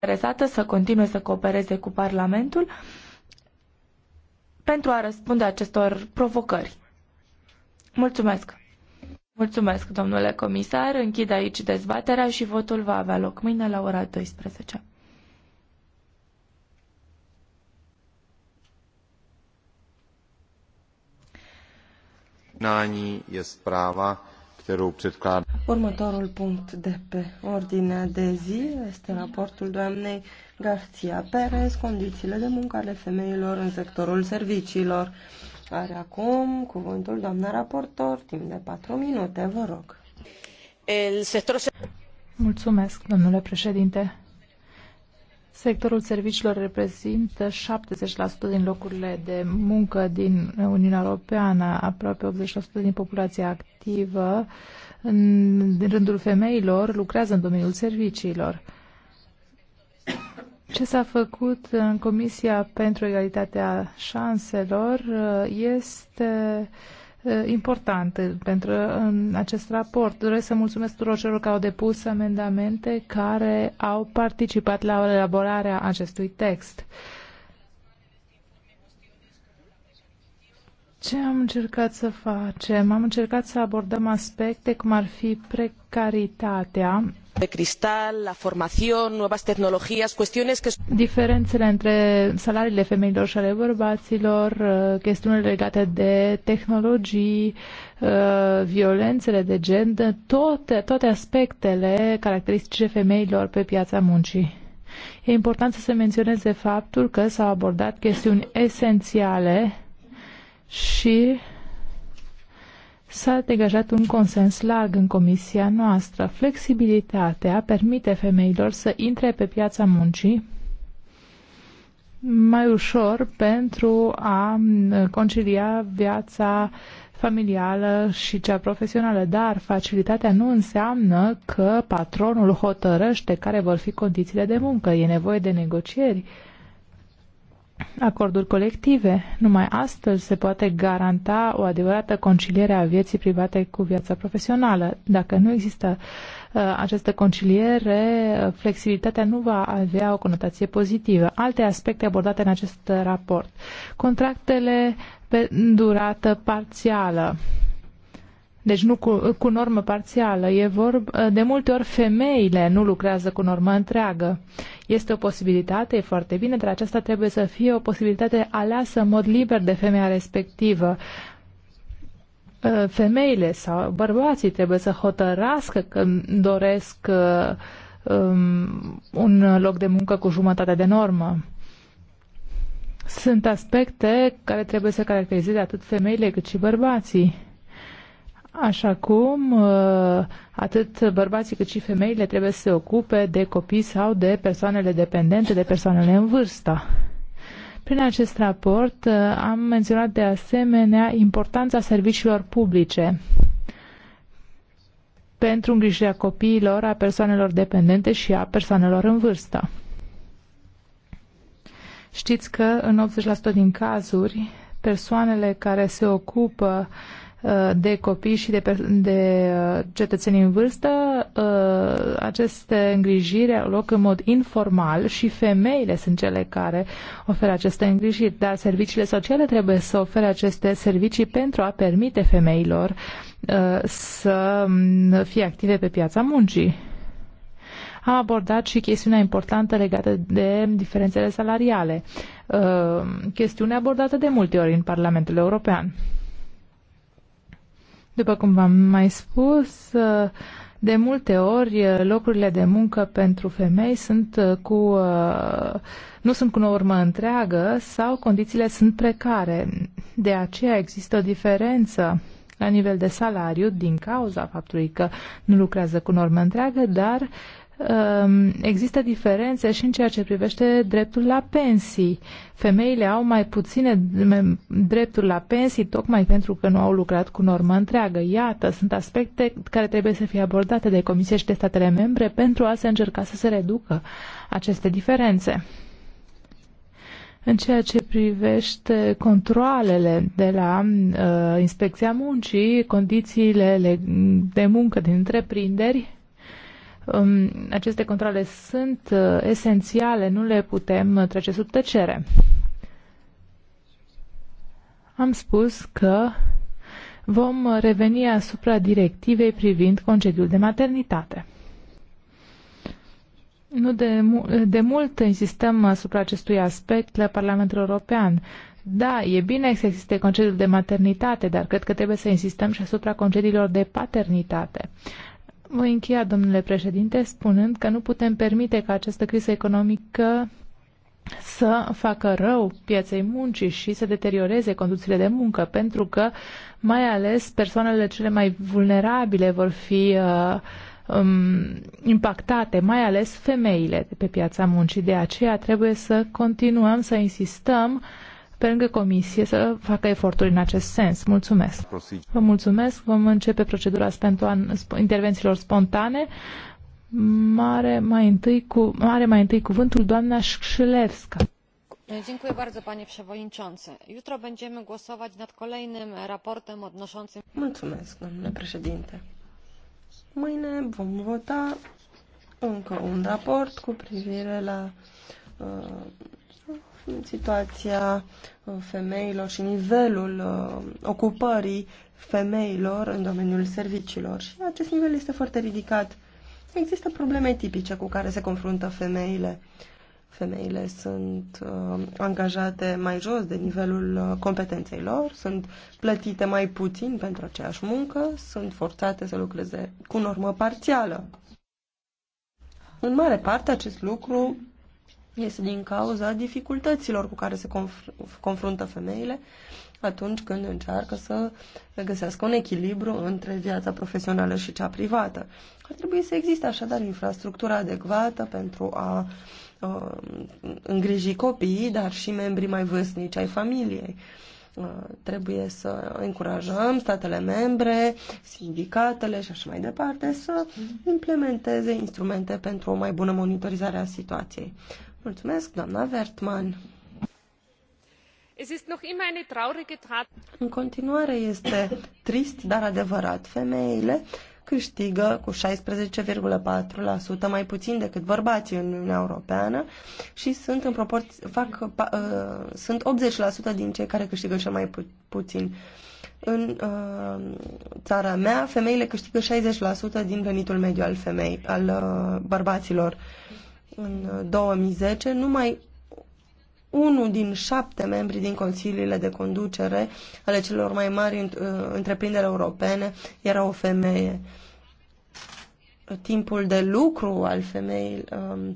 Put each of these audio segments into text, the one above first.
interesată să continue să coopereze cu Parlamentul pentru a răspunde acestor provocări. Mulțumesc! Mulțumesc, domnule comisar. Închid aici dezbaterea și votul va avea loc mâine la ora 12. Nani e sprava Următorul punct de pe ordinea de zi este raportul doamnei Garcia Perez, condițiile de muncă ale femeilor în sectorul serviciilor. Are acum cuvântul doamna raportor, timp de 4 minute, vă rog. El sector... Mulțumesc, domnule președinte. Sectorul serviciilor reprezintă 70% din locurile de muncă din Uniunea Europeană, aproape 80% din populația activă, în rândul femeilor, lucrează în domeniul serviciilor. Ce s-a făcut în Comisia pentru Egalitatea Șanselor este important pentru acest raport. Doresc să mulțumesc tuturor celor care au depus amendamente care au participat la elaborarea acestui text. Ce am încercat să facem? Am încercat să abordăm aspecte cum ar fi precaritatea de cristal, la formación, nuevas tehnologías, cuestiones que... Diferențele între salariile femeilor și ale bărbaților, uh, chestiunile legate de tehnologii, uh, violențele de gen, toate, toate aspectele caracteristice femeilor pe piața muncii. E important să se menționeze faptul că s-au abordat chestiuni esențiale și s-a degajat un consens larg în comisia noastră. Flexibilitatea permite femeilor să intre pe piața muncii mai ușor pentru a concilia viața familială și cea profesională, dar facilitatea nu înseamnă că patronul hotărăște care vor fi condițiile de muncă. E nevoie de negocieri acorduri colective. Numai astfel se poate garanta o adevărată conciliere a vieții private cu viața profesională. Dacă nu există uh, această conciliere, uh, flexibilitatea nu va avea o conotație pozitivă. Alte aspecte abordate în acest raport. Contractele pe durată parțială deci nu cu, cu normă parțială. E vorb, uh, de multe ori femeile nu lucrează cu normă întreagă. Este o posibilitate, e foarte bine, dar aceasta trebuie să fie o posibilitate aleasă în mod liber de femeia respectivă. Uh, femeile sau bărbații trebuie să hotărască că doresc uh, um, un loc de muncă cu jumătate de normă. Sunt aspecte care trebuie să caracterizeze atât femeile cât și bărbații. Așa cum uh, atât bărbații cât și femeile trebuie să se ocupe de copii sau de persoanele dependente, de persoanele în vârstă. Prin acest raport uh, am menționat de asemenea importanța serviciilor publice pentru îngrijirea copiilor, a persoanelor dependente și a persoanelor în vârstă. Știți că în 80% din cazuri persoanele care se ocupă Uh, de copii și de, de uh, cetățenii în vârstă, uh, aceste îngrijiri au loc în mod informal și femeile sunt cele care oferă aceste îngrijiri, dar serviciile sociale trebuie să ofere aceste servicii pentru a permite femeilor să mm, fie active pe piața muncii. Am abordat și chestiunea importantă legată de diferențele salariale, chestiune abordată de multe ori în Parlamentul European. După cum v-am mai spus, de multe ori locurile de muncă pentru femei sunt uh, cu, uh, nu sunt cu o urmă întreagă sau condițiile sunt precare. De aceea există o diferență la nivel de salariu din cauza faptului că nu lucrează cu normă întreagă, dar uh, Um, există diferențe și în ceea ce privește dreptul la pensii. Femeile au mai puține drepturi la pensii tocmai pentru că nu au lucrat cu normă întreagă. Iată, sunt aspecte care trebuie să fie abordate de Comisie și de statele membre pentru a se încerca să se reducă aceste diferențe. În ceea ce privește controlele de la uh, inspecția muncii, condițiile de muncă din întreprinderi, aceste controle sunt uh, esențiale, nu le putem uh, trece sub tăcere. Am spus că vom uh, reveni asupra directivei privind concediul de maternitate. Nu de, de mult insistăm asupra acestui aspect la Parlamentul European. Da, e bine să existe concediul de maternitate, dar cred că trebuie să insistăm și asupra concediilor de paternitate. Uh, voi încheia, domnule președinte, spunând că nu putem permite ca această criză economică să facă rău pieței muncii și să deterioreze condițiile de muncă, pentru că mai ales persoanele cele mai vulnerabile vor fi uh, um, impactate, mai ales femeile de pe piața muncii. De aceea trebuie să continuăm să insistăm uh, pe lângă comisie să facă eforturi în acest sens. Mulțumesc. Vă mulțumesc. Vom începe procedura spontan, intervențiilor spontane. Mare mai întâi, cu, mare mai întâi cuvântul doamna Șlevska. Dziękuję bardzo, panie przewodniczący. Jutro będziemy głosować nad kolejnym raportem odnoszącym... Mulțumesc, domnule președinte. Mâine vom vota încă un raport cu privire la uh, situația uh, femeilor și nivelul uh, ocupării femeilor în domeniul serviciilor. Și acest nivel este foarte ridicat. Există probleme tipice cu care se confruntă femeile. Femeile sunt uh, angajate mai jos de nivelul uh, competenței lor, sunt plătite mai puțin pentru aceeași muncă, sunt forțate să lucreze cu normă parțială. În mare parte, acest lucru este din cauza dificultăților cu care se conf confruntă femeile atunci când încearcă să găsească un echilibru între viața profesională și cea privată. Ar trebui să existe așadar infrastructura adecvată pentru a uh, îngriji copiii, dar și membrii mai vârstnici ai familiei. Uh, trebuie să încurajăm statele membre, sindicatele și așa mai departe să mhm. implementeze instrumente pentru o mai bună monitorizare a situației. Mulțumesc, doamna În continuare este trist, dar adevărat. Femeile câștigă cu 16,4% mai puțin decât bărbații în Uniunea Europeană și sunt în proporție, fac, uh, sunt 80% din cei care câștigă cel mai pu- puțin. În uh, țara mea, femeile câștigă 60% din venitul mediu al femei, al uh, bărbaților. Uh, în 2010, uh, numai unul din șapte membri din consiliile de conducere ale celor mai mari uh, întreprinderi europene era o femeie. Timpul de lucru al femei um,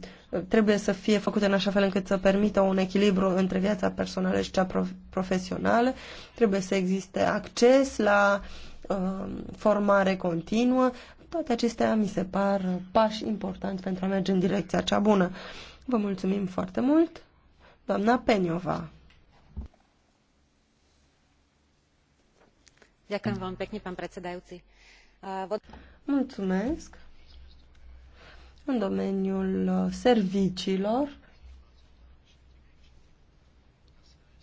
trebuie să fie făcut în așa fel încât să permită un echilibru între viața personală și cea prof- profesională. Trebuie să existe acces la um, formare continuă. Toate acestea mi se par pași importanți pentru a merge în direcția cea bună. Vă mulțumim foarte mult, doamna Peniova. Ďakujem veľmi pekne, pán predsedajúci. Mulțumesc. În domeniul uh, serviciilor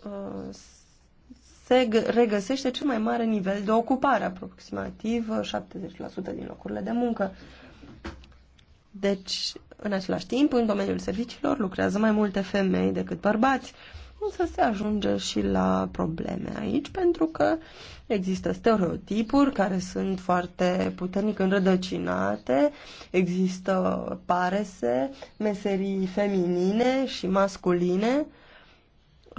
uh, se regăsește cel mai mare nivel de ocupare, aproximativ 70% uh, din locurile de muncă. Deci, în același timp, în domeniul serviciilor lucrează mai multe femei decât bărbați. Însă se ajunge și la probleme aici, pentru că există stereotipuri care sunt foarte puternic înrădăcinate, există parese, meserii feminine și masculine,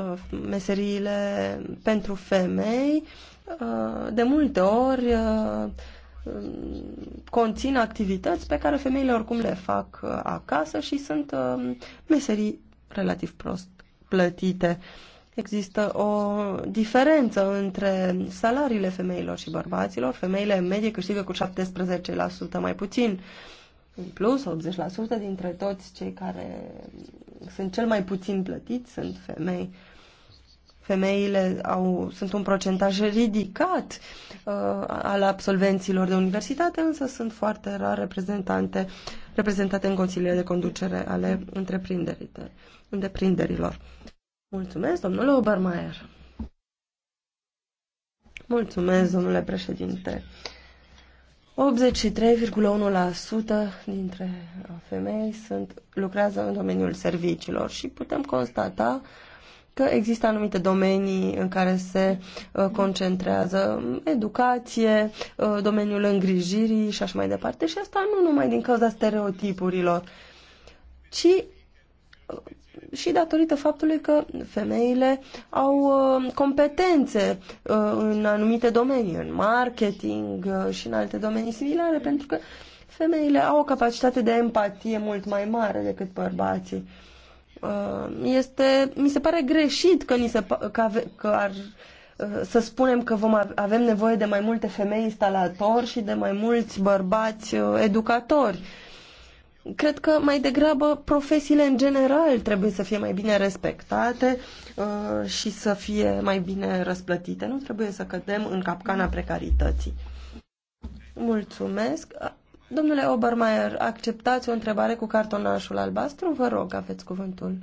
Uh, meseriile pentru femei uh, de multe ori uh, conțin activități pe care femeile oricum le fac acasă și sunt meserii relativ prost plătite. Există o diferență între salariile femeilor și bărbaților. Femeile în medie câștigă cu 17% mai puțin. În plus, 80% dintre toți cei care sunt cel mai puțin plătiți sunt femei. Uh, femeile au, sunt un procentaj ridicat uh, al absolvenților de universitate, însă sunt foarte rar reprezentante, reprezentate în consiliile de conducere ale întreprinderilor. Mulțumesc, domnule Obermaier. Mulțumesc, domnule președinte. 83,1% dintre femei sunt, lucrează în domeniul serviciilor și putem constata că există anumite domenii în care se uh, concentrează educație, uh, domeniul îngrijirii și așa mai departe. Și asta nu numai din cauza stereotipurilor, ci uh, și datorită faptului că femeile au competențe în anumite domenii, în marketing și în alte domenii similare, pentru că femeile au o capacitate de empatie mult mai mare decât bărbații. Uh, este, mi se pare greșit că, ni se, că, ave, că ar, uh, să spunem că vom, avem nevoie de mai multe femei instalatori și de mai mulți bărbați uh, educatori. Cred că mai degrabă profesiile în general trebuie să fie mai bine respectate uh, și să fie mai bine răsplătite. Nu trebuie să cădem în capcana precarității. Mulțumesc. Domnule Obermeier, acceptați o întrebare cu cartonașul albastru? Vă rog, aveți cuvântul.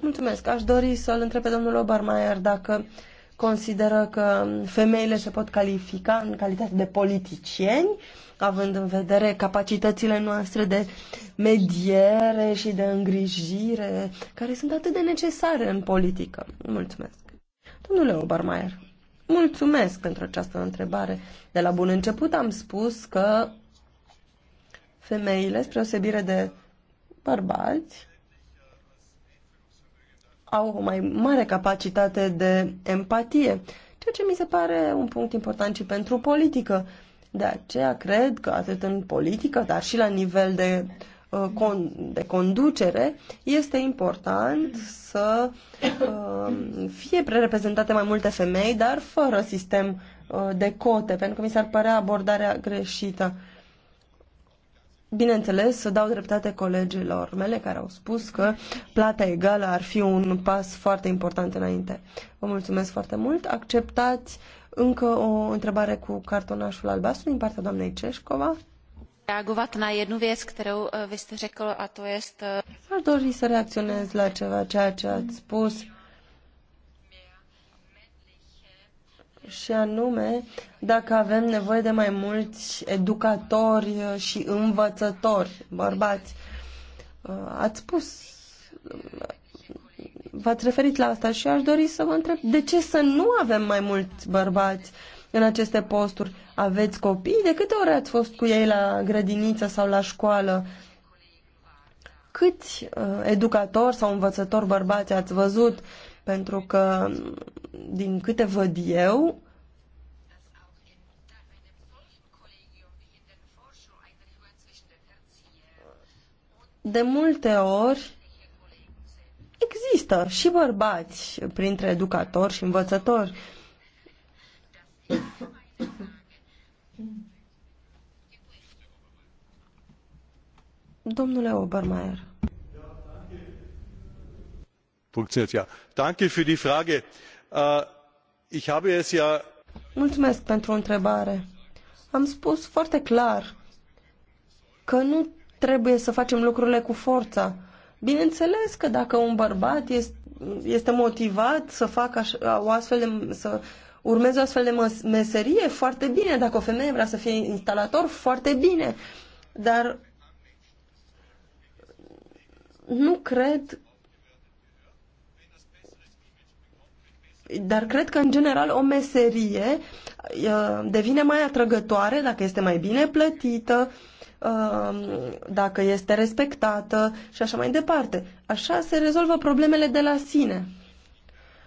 Mulțumesc. Aș dori să-l întreb pe domnul Obermeier dacă consideră că femeile se pot califica în calitate de politicieni, având în vedere capacitățile noastre de mediere și de îngrijire, care sunt atât de necesare în politică. Mulțumesc. Domnule Obermeier. Mulțumesc pentru această întrebare. De la bun început am spus că femeile, spre osebire de bărbați, au o mai mare capacitate de empatie, ceea ce mi se pare un punct important și pentru politică. De aceea cred că atât în politică, dar și la nivel de Uh, de conducere, este important să um, fie prereprezentate mai multe femei, dar fără sistem uh, de cote, pentru că mi s-ar părea abordarea greșită. Bineînțeles, să dau dreptate colegilor mele care au spus că plata egală ar fi un pas foarte important înainte. Vă mulțumesc foarte mult. Acceptați încă o întrebare cu cartonașul albastru din partea doamnei Ceșcova reagovat na jednu věc, kterou eh, vy jste řekl, a to je... Eh, aș dori să reacționez la ceva ceea ce ați spus. Și anume, dacă avem nevoie de mai mulți educatori eh, și învățători, bărbați. Ați spus, v-ați referit la asta și aș dori să vă întreb de ce să nu avem mai mulți bărbați în aceste posturi? Aveți copii? De câte ori ați fost cu ei la grădiniță sau la școală? Câți uh, educatori sau învățători bărbați ați văzut? Pentru că, din câte văd eu, de multe ori există și bărbați printre educatori și învățători Domnule Obermeier. Funcționează, ja. Danke für die Frage. Uh, ich habe es ja... Mulțumesc pentru întrebare. Am spus foarte clar că nu trebuie să facem lucrurile cu forța. Bineînțeles că dacă un bărbat este, este motivat să facă așa, o astfel de, să urmezi o astfel de meserie, foarte bine. Dacă o femeie vrea să fie instalator, foarte bine. Dar nu cred dar cred că, în general, o meserie uh, devine mai atrăgătoare dacă este mai bine plătită, um, dacă este respectată și așa mai departe. Așa se rezolvă problemele de la sine.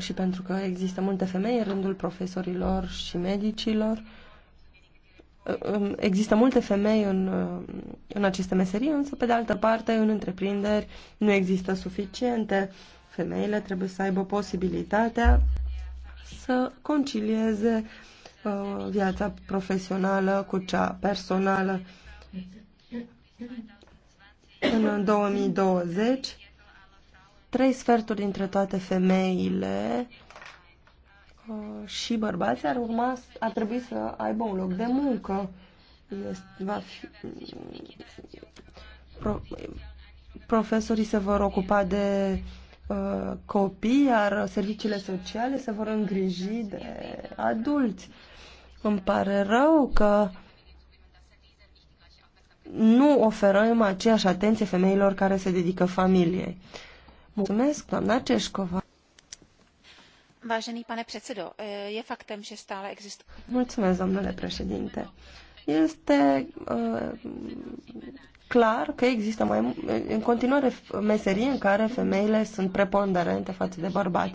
și pentru că există multe femei în rândul profesorilor și medicilor. Există multe femei în, uh, în aceste meserii, însă, pe de altă parte, în întreprinderi nu există suficiente. Femeile trebuie să aibă posibilitatea să concilieze uh, viața profesională cu cea personală. În 2020, trei sferturi dintre toate femeile uh, și bărbații ar, urma, ar trebui să aibă un loc de muncă. Este, va fi, mm, pro, profesorii se vor ocupa de uh, copii, iar serviciile sociale se vor îngriji de adulți. Îmi pare rău că nu oferăm aceeași atenție femeilor care se dedică familiei. Vážený pane předsedo, eh, je faktem, že stále existuje. domnule președinte. Este eh, clar că există mai, în continuare meserii în care femeile sunt preponderente față de bărbați.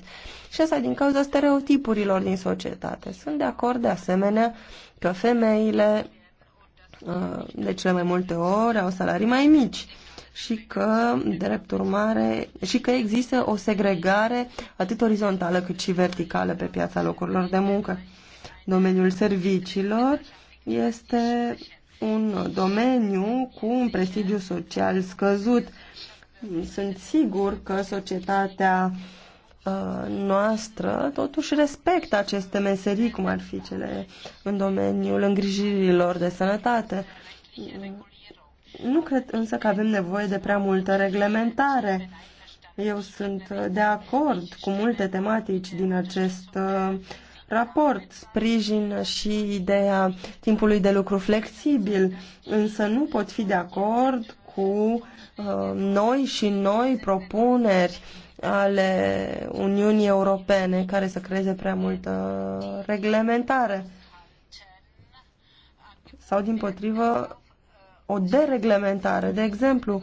Și asta din cauza stereotipurilor din societate. Sunt de acord de asemenea că femeile eh, de cele mai multe ori au salarii mai mici și că, drept urmare, și că există o segregare atât orizontală cât și verticală pe piața locurilor de muncă. Domeniul serviciilor este un domeniu cu un prestigiu social scăzut. Sunt sigur că societatea uh, noastră totuși respectă aceste meserii, cum ar fi cele în domeniul îngrijirilor de sănătate. Nu cred însă că avem nevoie de prea multă reglementare. Eu sunt de acord cu multe tematici din acest uh, raport. Sprijin și ideea timpului de lucru flexibil, însă nu pot fi de acord cu uh, noi și noi propuneri ale Uniunii Europene care să creeze prea multă reglementare sau din potrivă o dereglementare. De exemplu,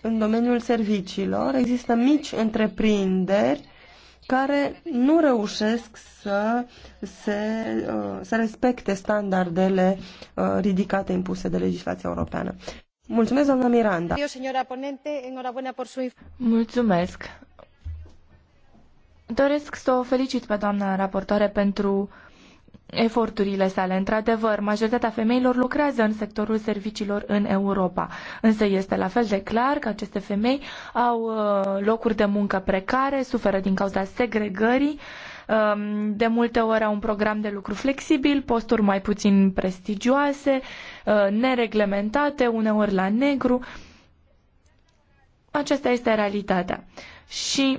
în domeniul serviciilor există mici întreprinderi care nu reușesc să, se, uh, să respecte standardele uh, ridicate impuse de legislația europeană. Mulțumesc, doamna Miranda. Mulțumesc. Doresc să o felicit pe doamna raportoare pentru eforturile sale. Într-adevăr, majoritatea femeilor lucrează în sectorul serviciilor în Europa, însă este la fel de clar că aceste femei au uh, locuri de muncă precare, suferă din cauza segregării, um, de multe ori au un program de lucru flexibil, posturi mai puțin prestigioase, uh, nereglementate, uneori la negru. Aceasta este realitatea. Și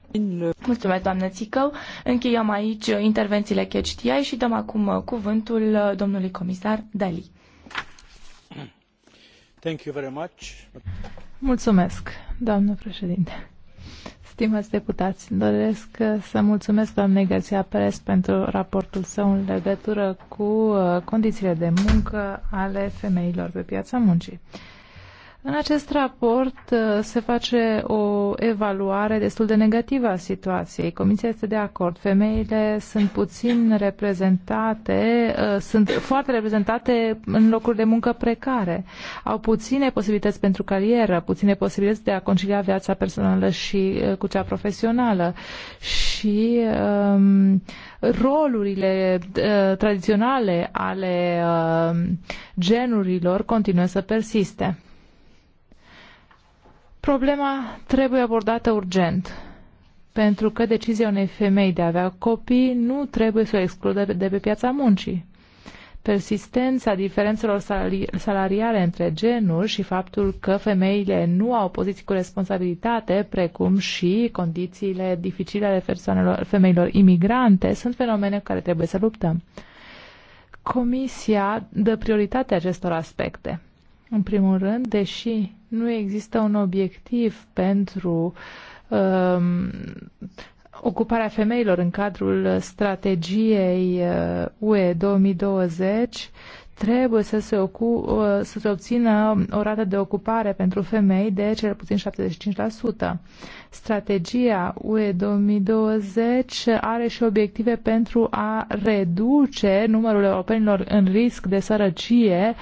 Mulțumesc, doamnă Țicău. Încheiem aici uh, intervențiile CHTI și dăm acum uh, cuvântul uh, domnului comisar Dali. Thank you very much. Mulțumesc, doamnă președinte. Stimați deputați, doresc să mulțumesc doamnei Garcia Perez pentru raportul său în legătură cu condițiile de muncă ale femeilor pe piața muncii. În acest raport uh, se face o evaluare destul de negativă a situației. Comisia este de acord. Femeile sunt puțin reprezentate, uh, sunt foarte reprezentate în locuri de muncă precare. Au puține posibilități pentru carieră, puține posibilități de a concilia viața personală și uh, cu cea profesională. Și um, rolurile uh, tradiționale ale uh, genurilor continuă să persiste. Problema trebuie abordată urgent, pentru că decizia unei femei de a avea copii nu trebuie să o excludă de pe piața muncii. Persistența diferențelor salariale între genuri și faptul că femeile nu au poziții cu responsabilitate, precum și condițiile dificile ale persoanelor, femeilor imigrante, sunt fenomene cu care trebuie să luptăm. Comisia dă prioritate acestor aspecte. În primul rând, deși nu există un obiectiv pentru um, ocuparea femeilor în cadrul strategiei uh, UE 2020 trebuie să se, ocu- uh, să se obțină o rată de ocupare pentru femei de cel puțin 75%. Strategia UE 2020 are și obiective pentru a reduce numărul europenilor în risc de sărăcie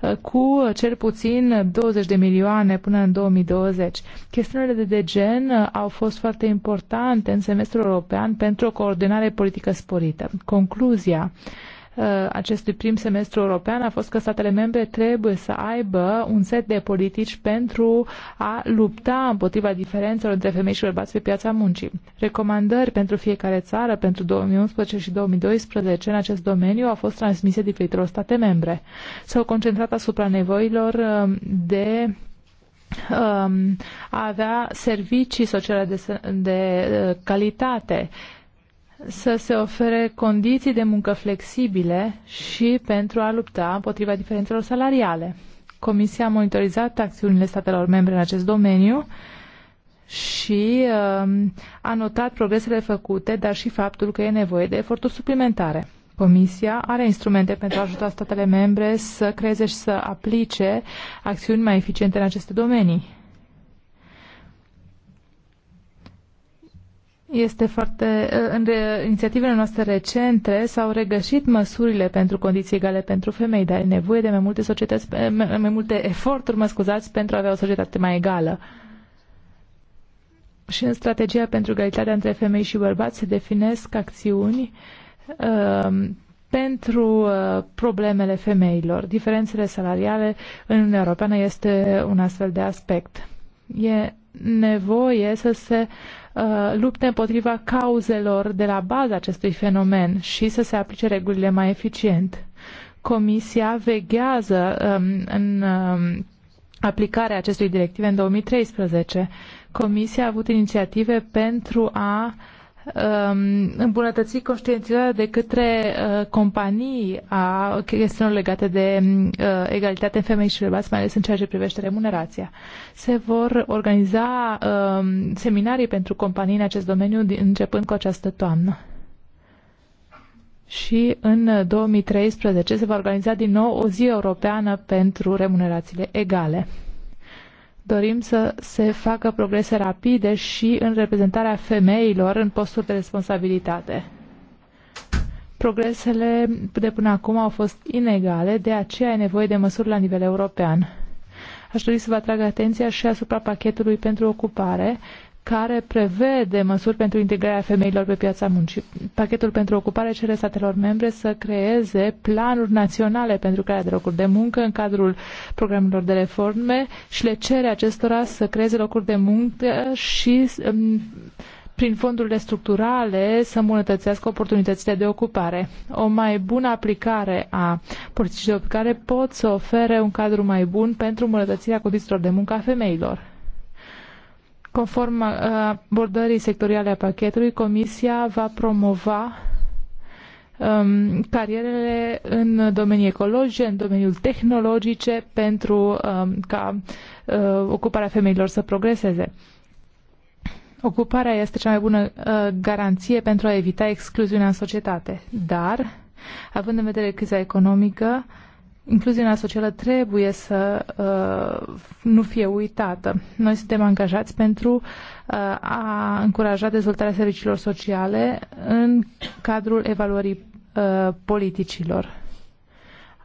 uh, cu cel puțin 20 de milioane până în 2020. Chestiunile de gen uh, au fost foarte importante în semestrul european pentru o coordonare politică sporită. Concluzia Uh, acestui prim semestru european a fost că statele membre trebuie să aibă un set de politici pentru a lupta împotriva diferențelor între femei și bărbați pe piața muncii. Recomandări pentru fiecare țară pentru 2011 și 2012 în acest domeniu au fost transmise diferitelor state membre. S-au concentrat asupra nevoilor uh, de um, a avea servicii sociale de, de uh, calitate, să se ofere condiții de muncă flexibile și pentru a lupta împotriva diferențelor salariale. Comisia a monitorizat acțiunile statelor membre în acest domeniu și uh, a notat progresele făcute, dar și faptul că e nevoie de eforturi suplimentare. Comisia are instrumente pentru a ajuta statele membre să creeze și să aplice acțiuni mai eficiente în aceste domenii. este foarte, în inițiativele noastre recente s-au regăsit măsurile pentru condiții egale pentru femei, dar e nevoie de mai multe, societăți, mai multe eforturi, mă scuzați, pentru a avea o societate mai egală. Și în strategia pentru egalitatea între femei și bărbați se definesc acțiuni uh, pentru uh, problemele femeilor. Diferențele salariale în Uniunea Europeană este un astfel de aspect. E nevoie să se Uh, lupte împotriva cauzelor de la baza acestui fenomen și să se aplice regulile mai eficient. Comisia veghează um, în um, aplicarea acestui directive în 2013. Comisia a avut inițiative pentru a uh, Um, îmbunătăți conștientizarea de către uh, companii a chestiunilor legate de uh, egalitate în femei și bărbați, mai ales în ceea ce privește remunerația. Se vor organiza um, seminarii pentru companii în acest domeniu începând cu această toamnă. Și în 2013 uh, se va organiza din nou o zi europeană pentru remunerațiile egale dorim să se facă progrese rapide și în reprezentarea femeilor în posturi de responsabilitate. Progresele de până acum au fost inegale, de aceea e nevoie de măsuri la nivel european. Aș dori să vă atrag atenția și asupra pachetului pentru ocupare, care prevede măsuri pentru integrarea femeilor pe piața muncii. Pachetul pentru ocupare cere statelor membre să creeze planuri naționale pentru crearea de locuri de muncă în cadrul programelor de reforme și le cere acestora să creeze locuri de muncă și um, prin fondurile structurale să îmbunătățească oportunitățile de ocupare. O mai bună aplicare a politicii de ocupare pot să ofere un cadru mai bun pentru îmbunătățirea condițiilor de muncă a femeilor. Conform uh, abordării sectoriale a pachetului, Comisia va promova um, carierele în domenii ecologice, în domeniul tehnologice, pentru um, ca uh, ocuparea femeilor să progreseze. Ocuparea este cea mai bună uh, garanție pentru a evita excluziunea în societate, dar, având în vedere criza economică, uh, incluziunea socială trebuie să uh, nu fie uitată. Noi suntem angajați pentru uh, a încuraja dezvoltarea serviciilor sociale în cadrul evaluării uh, politicilor.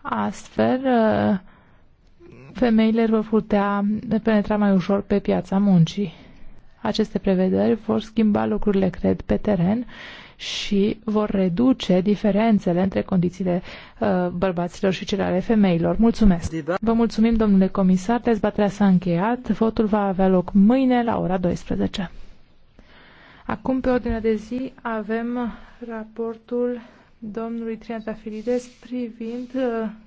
Astfel, uh, femeile vor putea penetra mai ușor pe piața muncii. Aceste prevederi vor schimba lucrurile, cred, pe teren și vor reduce diferențele între condițiile uh, bărbaților și cele ale femeilor. Mulțumesc! Vă mulțumim, domnule comisar, dezbaterea s-a încheiat, votul va avea loc mâine la ora 12. Acum, pe ordinea de zi, avem raportul domnului Triantafilides privind uh,